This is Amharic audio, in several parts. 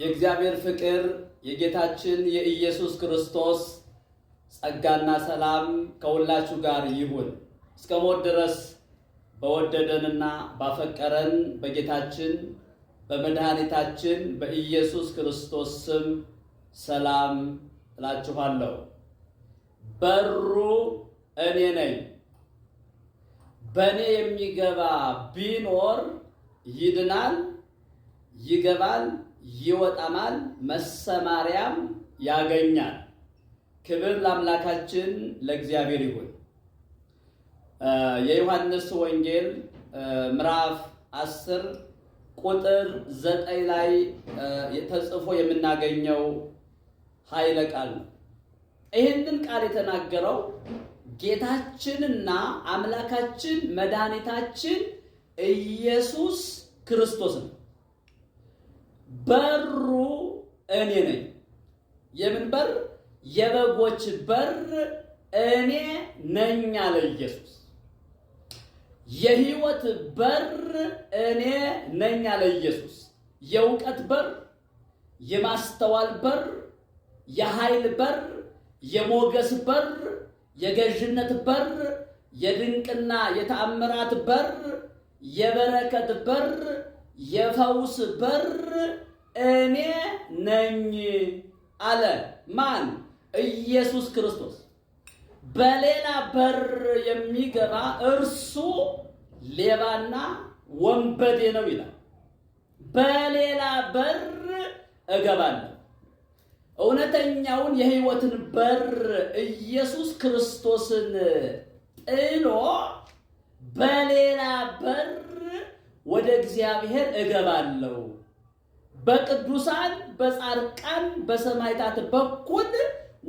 የእግዚአብሔር ፍቅር የጌታችን የኢየሱስ ክርስቶስ ጸጋና ሰላም ከሁላችሁ ጋር ይሁን። እስከ ሞት ድረስ በወደደንና ባፈቀረን በጌታችን በመድኃኒታችን በኢየሱስ ክርስቶስ ስም ሰላም እላችኋለሁ። በሩ እኔ ነኝ። በእኔ የሚገባ ቢኖር ይድናል፣ ይገባል ይወጣማል፣ መሰማሪያም ያገኛል። ክብር ለአምላካችን ለእግዚአብሔር ይሁን። የዮሐንስ ወንጌል ምዕራፍ 10 ቁጥር 9 ላይ ተጽፎ የምናገኘው ኃይለ ቃል ነው። ይህንን ቃል የተናገረው ጌታችንና አምላካችን መድኃኒታችን ኢየሱስ ክርስቶስ ነው። በሩ እኔ ነኝ። የምን በር? የበጎች በር እኔ ነኝ አለ ኢየሱስ። የህይወት በር እኔ ነኝ አለ ኢየሱስ። የእውቀት በር፣ የማስተዋል በር፣ የኃይል በር፣ የሞገስ በር፣ የገዥነት በር፣ የድንቅና የተአምራት በር፣ የበረከት በር የፈውስ በር እኔ ነኝ አለ። ማን? ኢየሱስ ክርስቶስ። በሌላ በር የሚገባ እርሱ ሌባና ወንበዴ ነው ይላል። በሌላ በር እገባለሁ። እውነተኛውን የሕይወትን በር ኢየሱስ ክርስቶስን ጥሎ በሌላ በር ወደ እግዚአብሔር እገባለሁ። በቅዱሳን በጻድቃን በሰማዕታት በኩል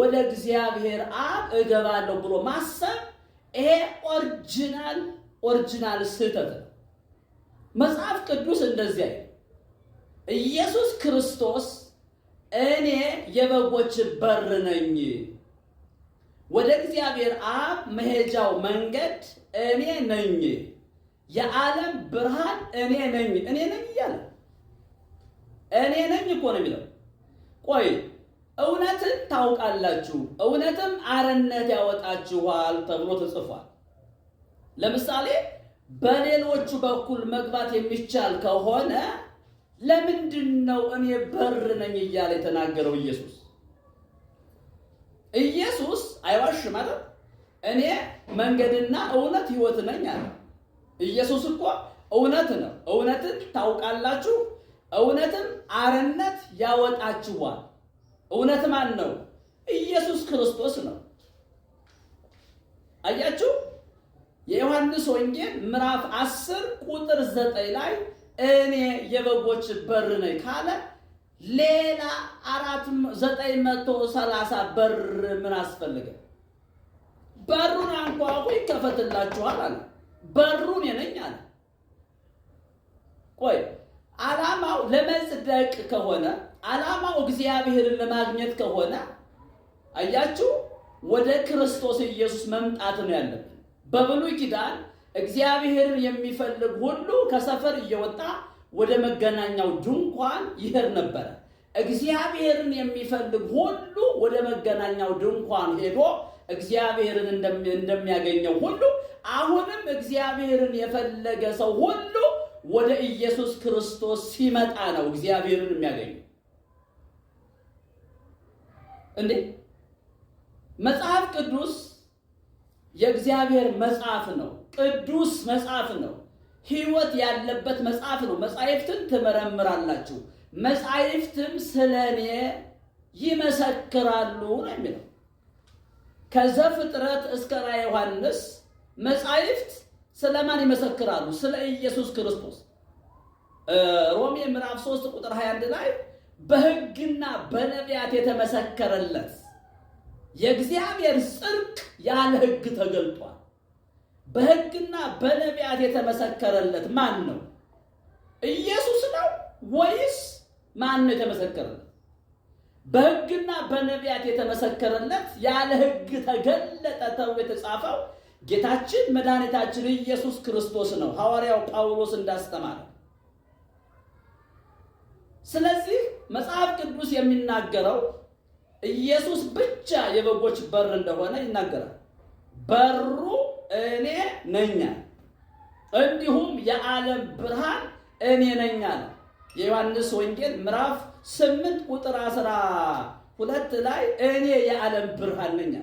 ወደ እግዚአብሔር አብ እገባለሁ ብሎ ማሰብ ይሄ ኦሪጂናል ኦሪጂናል ስህተት ነው። መጽሐፍ ቅዱስ እንደዚያ ኢየሱስ ክርስቶስ እኔ የበጎች በር ነኝ፣ ወደ እግዚአብሔር አብ መሄጃው መንገድ እኔ ነኝ የዓለም ብርሃን እኔ ነኝ እኔ ነኝ እያለ እኔ ነኝ እኮ ነው የሚለው። ቆይ እውነትን ታውቃላችሁ እውነትም አርነት ያወጣችኋል ተብሎ ተጽፏል። ለምሳሌ በሌሎቹ በኩል መግባት የሚቻል ከሆነ ለምንድን ነው እኔ በር ነኝ እያለ የተናገረው ኢየሱስ? ኢየሱስ አይዋሽም ማለት እኔ መንገድና እውነት ሕይወት ነኝ አለ። ኢየሱስ እኮ እውነት ነው። እውነትን ታውቃላችሁ፣ እውነትም አርነት ያወጣችኋል። እውነት ማን ነው? ኢየሱስ ክርስቶስ ነው። አያችሁ፣ የዮሐንስ ወንጌል ምዕራፍ 10 ቁጥር 9 ላይ እኔ የበጎች በር ነኝ ካለ ሌላ አራት በር ምን አስፈልገ? በሩን አንኳኩ ይከፈትላችኋል አለ። በሩን የነኝ አለ። ቆይ ዓላማው ለመጽደቅ ከሆነ ዓላማው እግዚአብሔርን ለማግኘት ከሆነ አያችሁ፣ ወደ ክርስቶስ ኢየሱስ መምጣት ነው ያለብን። በብሉይ ኪዳን እግዚአብሔርን የሚፈልግ ሁሉ ከሰፈር እየወጣ ወደ መገናኛው ድንኳን ይሄድ ነበረ። እግዚአብሔርን የሚፈልግ ሁሉ ወደ መገናኛው ድንኳን ሄዶ እግዚአብሔርን እንደሚያገኘው ሁሉ አሁንም እግዚአብሔርን የፈለገ ሰው ሁሉ ወደ ኢየሱስ ክርስቶስ ሲመጣ ነው እግዚአብሔርን የሚያገኙ እንዴ መጽሐፍ ቅዱስ የእግዚአብሔር መጽሐፍ ነው። ቅዱስ መጽሐፍ ነው። ሕይወት ያለበት መጽሐፍ ነው። መጻሕፍትን ትመረምራላችሁ፣ መጻሕፍትም ስለ እኔ ይመሰክራሉ ነው የሚለው ከዘፍጥረት እስከ ራዕየ ዮሐንስ መጻሕፍት ስለማን ይመሰክራሉ? ስለ ኢየሱስ ክርስቶስ። ሮሜ ምዕራፍ 3 ቁጥር 21 ላይ በሕግና በነቢያት የተመሰከረለት የእግዚአብሔር ጽድቅ ያለ ሕግ ተገልጧል። በሕግና በነቢያት የተመሰከረለት ማን ነው? ኢየሱስ ነው ወይስ ማን ነው የተመሰከረለት? በሕግና በነቢያት የተመሰከረለት ያለ ሕግ ተገለጠ ተብሎ የተጻፈው ጌታችን መድኃኒታችን ኢየሱስ ክርስቶስ ነው፣ ሐዋርያው ጳውሎስ እንዳስተማረ። ስለዚህ መጽሐፍ ቅዱስ የሚናገረው ኢየሱስ ብቻ የበጎች በር እንደሆነ ይናገራል። በሩ እኔ ነኛ፣ እንዲሁም የዓለም ብርሃን እኔ ነኛ ነው። የዮሐንስ ወንጌል ምዕራፍ 8 ቁጥር 12 ላይ እኔ የዓለም ብርሃን ነኛ።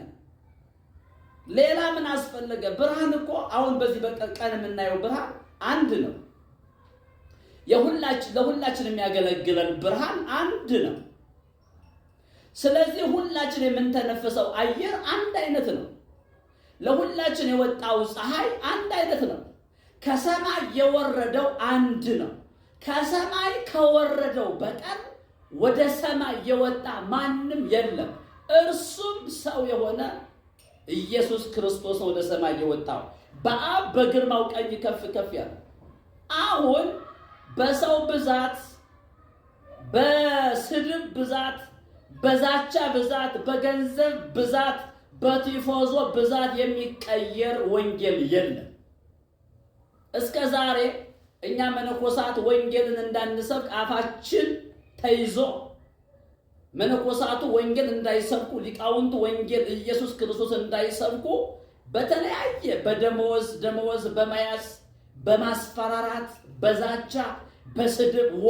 ሌላ ምን አስፈለገ? ብርሃን እኮ አሁን በዚህ በቀን የምናየው ብርሃን አንድ ነው። የሁላችን ለሁላችን የሚያገለግለን ብርሃን አንድ ነው። ስለዚህ ሁላችን የምንተነፍሰው አየር አንድ አይነት ነው። ለሁላችን የወጣው ፀሐይ አንድ አይነት ነው። ከሰማይ የወረደው አንድ ነው። ከሰማይ ከወረደው በቀር ወደ ሰማይ የወጣ ማንም የለም። እርሱም ሰው የሆነ ኢየሱስ ክርስቶስ ወደ ሰማይ የወጣው በአብ በግርማው ቀኝ ከፍ ከፍ ያለ አሁን በሰው ብዛት፣ በስድብ ብዛት፣ በዛቻ ብዛት፣ በገንዘብ ብዛት፣ በቲፎዞ ብዛት የሚቀየር ወንጌል የለም። እስከ ዛሬ እኛ መነኮሳት ወንጌልን እንዳንሰብክ አፋችን ተይዞ መነኮሳቱ ወንጌል እንዳይሰብኩ፣ ሊቃውንቱ ወንጌል ኢየሱስ ክርስቶስ እንዳይሰብኩ በተለያየ በደመወዝ ደመወዝ በመያዝ በማስፈራራት በዛቻ በስድብ ዋ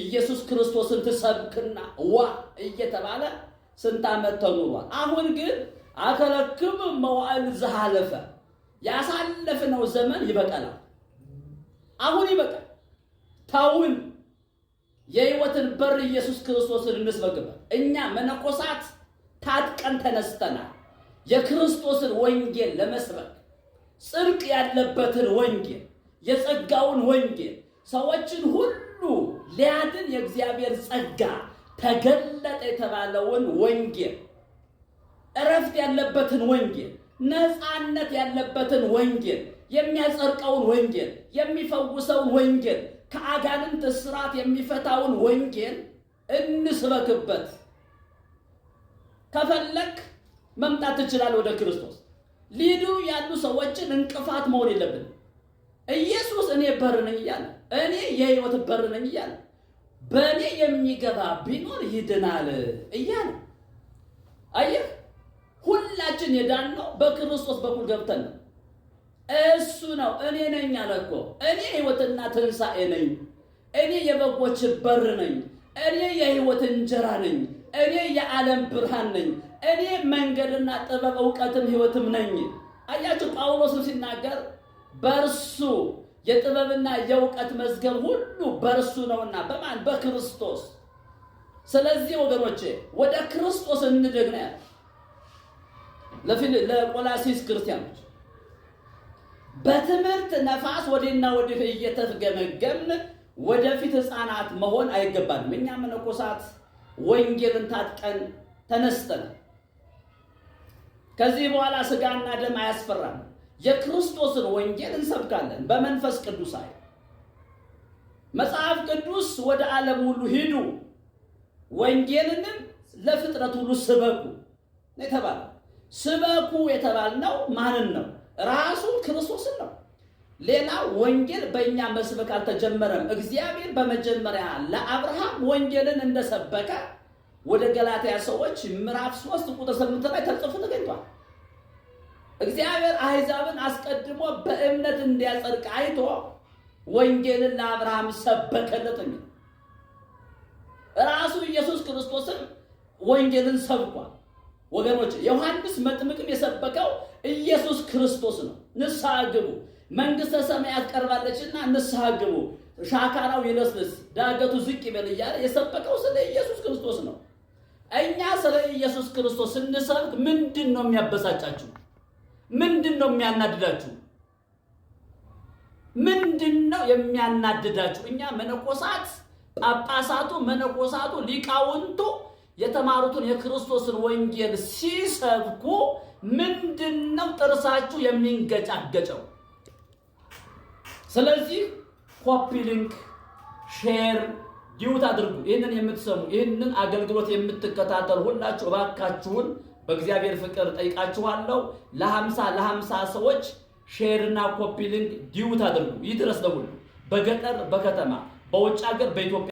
ኢየሱስ ክርስቶስን ትሰብክና ዋ እየተባለ ስንት ዓመት ተኑሯል። አሁን ግን አከለክም መዋዕል ዘሃለፈ ያሳለፍነው ዘመን ይበቀላል። አሁን ይበቃል። ተውን። የህይወትን በር ኢየሱስ ክርስቶስን እንስበክበት። እኛ መነኮሳት ታጥቀን ተነስተናል። የክርስቶስን ወንጌል ለመስበክ ጽድቅ ያለበትን ወንጌል፣ የጸጋውን ወንጌል ሰዎችን ሁሉ ሊያድን የእግዚአብሔር ጸጋ ተገለጠ የተባለውን ወንጌል፣ እረፍት ያለበትን ወንጌል፣ ነፃነት ያለበትን ወንጌል፣ የሚያጸድቀውን ወንጌል፣ የሚፈውሰውን ወንጌል ከአጋንንት እስራት የሚፈታውን ወንጌል እንስበክበት። ከፈለክ መምጣት ትችላል ወደ ክርስቶስ። ሊዱ ያሉ ሰዎችን እንቅፋት መሆን የለብን። ኢየሱስ እኔ በር ነኝ እያለ እኔ የህይወት በር ነኝ እያለ በእኔ የሚገባ ቢኖር ይድናል እያለ አየህ፣ ሁላችን የዳነው በክርስቶስ በኩል ገብተን ነው። እሱ ነው። እኔ ነኝ አለ እኮ እኔ ህይወትና ትንሣኤ ነኝ። እኔ የበጎች በር ነኝ። እኔ የህይወት እንጀራ ነኝ። እኔ የዓለም ብርሃን ነኝ። እኔ መንገድና ጥበብ እውቀትም ህይወትም ነኝ። አያችሁ ጳውሎስም ሲናገር በእርሱ የጥበብና የእውቀት መዝገብ ሁሉ በእርሱ ነውና በማን በክርስቶስ ስለዚህ ወገኖቼ ወደ ክርስቶስ እንደግና ለቆላሲስ ክርስቲያኖች በትምህርት ነፋስ ወዴና ወደ እየተገመገምን ወደፊት ህፃናት መሆን አይገባንም። እኛ መነኮሳት ወንጌልን ታጥቀን ተነስተን። ከዚህ በኋላ ስጋና ደም አያስፈራም። የክርስቶስን ወንጌል እንሰብካለን በመንፈስ ቅዱስ አይ መጽሐፍ ቅዱስ ወደ ዓለም ሁሉ ሂዱ ወንጌልንም ለፍጥረት ሁሉ ስበኩ የተባለ ስበኩ የተባልነው ማንን ነው? ራሱ ክርስቶስን ነው። ሌላ ወንጌል በእኛ መስበክ አልተጀመረም። እግዚአብሔር በመጀመሪያ ለአብርሃም ወንጌልን እንደሰበከ ወደ ገላትያ ሰዎች ምዕራፍ 3 ቁጥር 8 ላይ ተጽፎ ተገኝቷል። እግዚአብሔር አሕዛብን አስቀድሞ በእምነት እንዲያጸድቅ አይቶ ወንጌልን ለአብርሃም ሰበከለት። ራሱ ኢየሱስ ክርስቶስን ወንጌልን ሰብኳል። ወገኖች ዮሐንስ መጥምቅም የሰበከው ኢየሱስ ክርስቶስ ነው። ንስሐ ግቡ፣ መንግሥተ ሰማያት ቀርባለችና ንስሐ ግቡ፣ ሻካራው ይለስልስ፣ ዳገቱ ዝቅ ይበል እያለ የሰበከው ስለ ኢየሱስ ክርስቶስ ነው። እኛ ስለ ኢየሱስ ክርስቶስ ስንሰብክ ምንድን ነው የሚያበሳጫችሁ? ምንድን ነው የሚያናድዳችሁ? ምንድን ነው የሚያናድዳችሁ? እኛ መነኮሳት፣ ጳጳሳቱ፣ መነኮሳቱ፣ ሊቃውንቱ የተማሩትን የክርስቶስን ወንጌል ሲሰብኩ ምንድነው ጥርሳችሁ የሚንገጫገጨው? ስለዚህ ኮፒ ሊንክ፣ ሼር ዲዩት አድርጉ። ይህንን የምትሰሙ ይህንን አገልግሎት የምትከታተሉ ሁላችሁ እባካችሁን በእግዚአብሔር ፍቅር ጠይቃችኋለሁ። ለሀምሳ ለሀምሳ ሰዎች ሼርና ኮፒ ሊንክ ዲዩት አድርጉ። ይህ ድረስ ለሁሉ በገጠር በከተማ በውጭ ሀገር በኢትዮጵያ